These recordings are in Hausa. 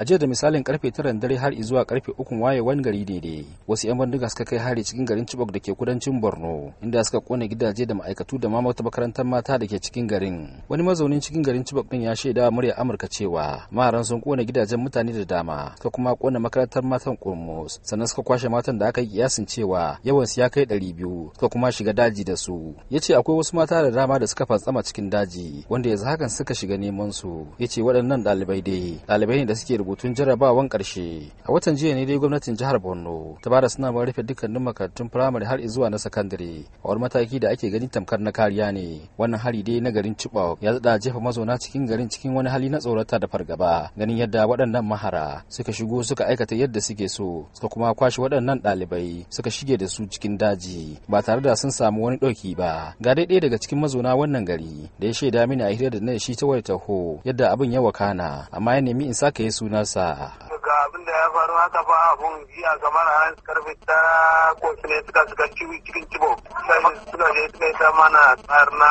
a jiya da misalin karfe tara dare har zuwa karfe ukun wayewan gari daidai wasu yan bandiga suka kai hari cikin garin Chibok da ke kudancin Borno inda suka kone gidaje da ma'aikatu da ma wata makarantar mata da ke cikin garin wani mazaunin cikin garin Chibok din ya shaida murya Amurka cewa maharan sun kone gidajen mutane da dama suka kuma kone makarantar matan Kurmus sannan suka kwashe matan da aka yi kiyasin cewa yawan su ya kai ɗari biyu suka kuma shiga daji da su ya ce akwai wasu mata da dama da suka fantsama cikin daji wanda yanzu hakan suka shiga neman su ya ce waɗannan ɗalibai dai ɗalibai ne da suke rubutun jarabawan karshe a watan jiya ne dai gwamnatin jihar borno ta bada suna rufe dukkanin makarantun firamare har zuwa na sakandare a wani mataki da ake ganin tamkar na kariya ne wannan hari dai na garin chibok ya zada jefa mazauna cikin garin cikin wani hali na tsorata da fargaba ganin yadda waɗannan mahara suka shigo suka aikata yadda suke so suka kuma kwashe waɗannan ɗalibai suka shige da su cikin daji ba tare da sun samu wani ɗauki ba ga dai ɗaya daga cikin mazauna wannan gari da ya shaida mini a hirar da na shi ta wayar taho yadda abin ya wakana amma ya nemi in sake yi suna nasa ga abin da ya faru haka ba abun jiya kamar an karfe tara ko ne suka suka ciwi cikin cibo sai suka je suka yi ta mana tsarna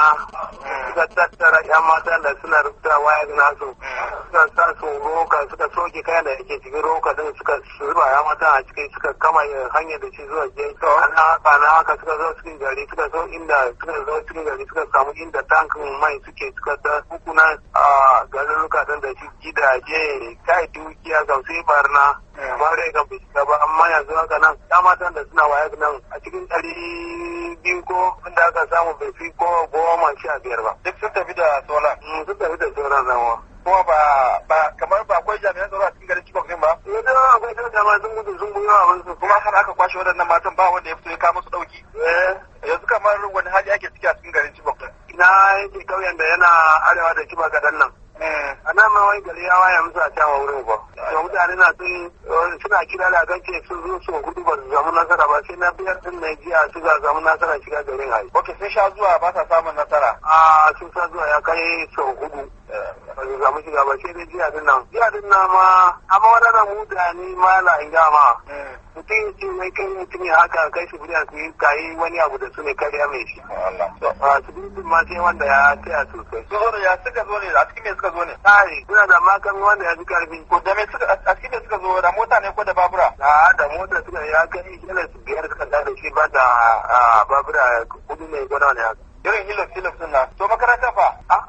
suka tattara yan matan da suna rubuta waya nasu suka sa su roka suka soke kayan da yake cikin roka din suka zuba ya mata a cikin suka kama hanyar da shi zuwa jai to haka na haka suka zo cikin gari suka zo inda suka zo cikin gari suka samu inda tankin mai suke suka da hukuna a roka din da shi gidaje kai dukiya ga sai barna ba ga bishi shiga ba amma yanzu haka nan ya matan da suna waye nan a cikin dari biyu ko inda aka samu bai fi ko goma sha biyar ba duk sun tafi da sola mm, sun tafi da sola na wa kuma ba ba kamar ba akwai jami'an tsaro a cikin garin Chibok din ba. Eh da akwai da dama sun gudu sun gudu a su kuma har aka kwashe waɗannan matan ba wanda ya fito ya kama su dauki. Eh yanzu kamar wani hali ake ciki a cikin garin Chibok din. Na yake kauyen da yana arewa da Chibok kaɗan nan. bayan gari ya waya musu a cewa wurin ba da mutane na sun suna kira da ganke sun zo su gudu ba su samu nasara ba sai na biyar din na jiya su ga samu nasara shiga garin hayi ok sun sha zuwa ba sa samun nasara a sun sha zuwa ya kai sau hudu ba su samu shiga ba sai dai jiya din nan jiya din nan ma amma wadannan mutane ma la'in ma eh. mutum yi mai kai mutum ya haka kai su guda su yi kayi wani abu da su ne kariya mai shi. A su gudu ma sai wanda ya taya sosai. Su zo ya suka zo ne a cikin me suka zo ne. Ai suna da makan wanda ya fi karfi. Ko da me suka a cikin me suka zo da mota ne ko da babura. A da mota suka ya kai shi su biyar suka da shi ba da babura kudu ne gwada ne haka. irin hillof hillof din nan to makaranta fa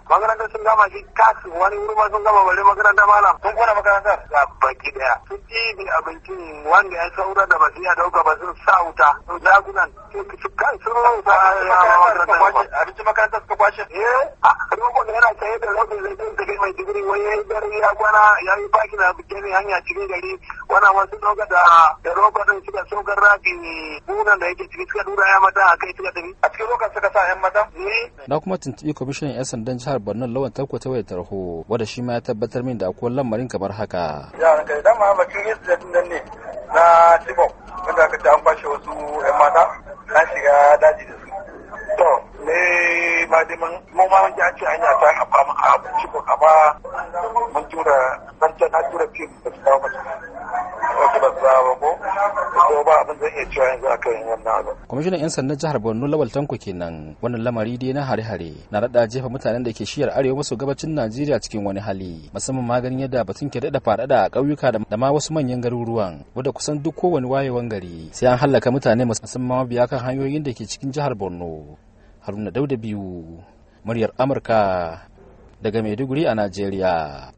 makaranta sun gama shi kasu wani wuri ma sun gama bare makaranta malam sun kona makaranta. ga baki daya sun ci abincin wanda ya saura da basu iya dauka ba sun sa wuta sun zagunan su kan sun rauta abincin makaranta suka kwashe eh a rukun yana saye da rabin zai sun tafi mai digiri wani ya yi gari ya kwana ya yi baki na bikini hanya cikin gari wannan wasu dauka da da roba din suka sokar rabi bunan da yake ciki suka dura ya mata a kai suka tafi a cikin lokacin suka sa yan mata Na kuma tuntuɓi kwamishinan 'yan sandan jihar Borno Lawan Tarko ta wayar tarho wanda shi ma ya tabbatar min da akwai lamarin kamar haka. ya Yaran kai dama bakin incident nan ne na Chibok wanda aka ta an kwashe wasu 'yan mata na shiga daji da su. To ne ba dai mun mu ma mun ji an ce an ya ta haɓa mun a ko amma mun tura ban ta tura fim da su kawo mace. wasu ba za ba ko ko ba abin zan iya cewa yanzu wannan kwamishinan yan sandan jihar borno lawal tanko kenan wannan lamari dai na hare-hare na rada jefa mutanen da ke shiyar arewa maso gabacin najeriya cikin wani hali musamman maganin yadda batun ke daɗa faɗaɗa a ƙauyuka da ma wasu manyan garuruwan wadda kusan duk kowane wayewan gari sai an hallaka mutane musamman mabiya kan hanyoyin da ke cikin jihar borno haruna dauda biyu muryar amurka daga maiduguri a najeriya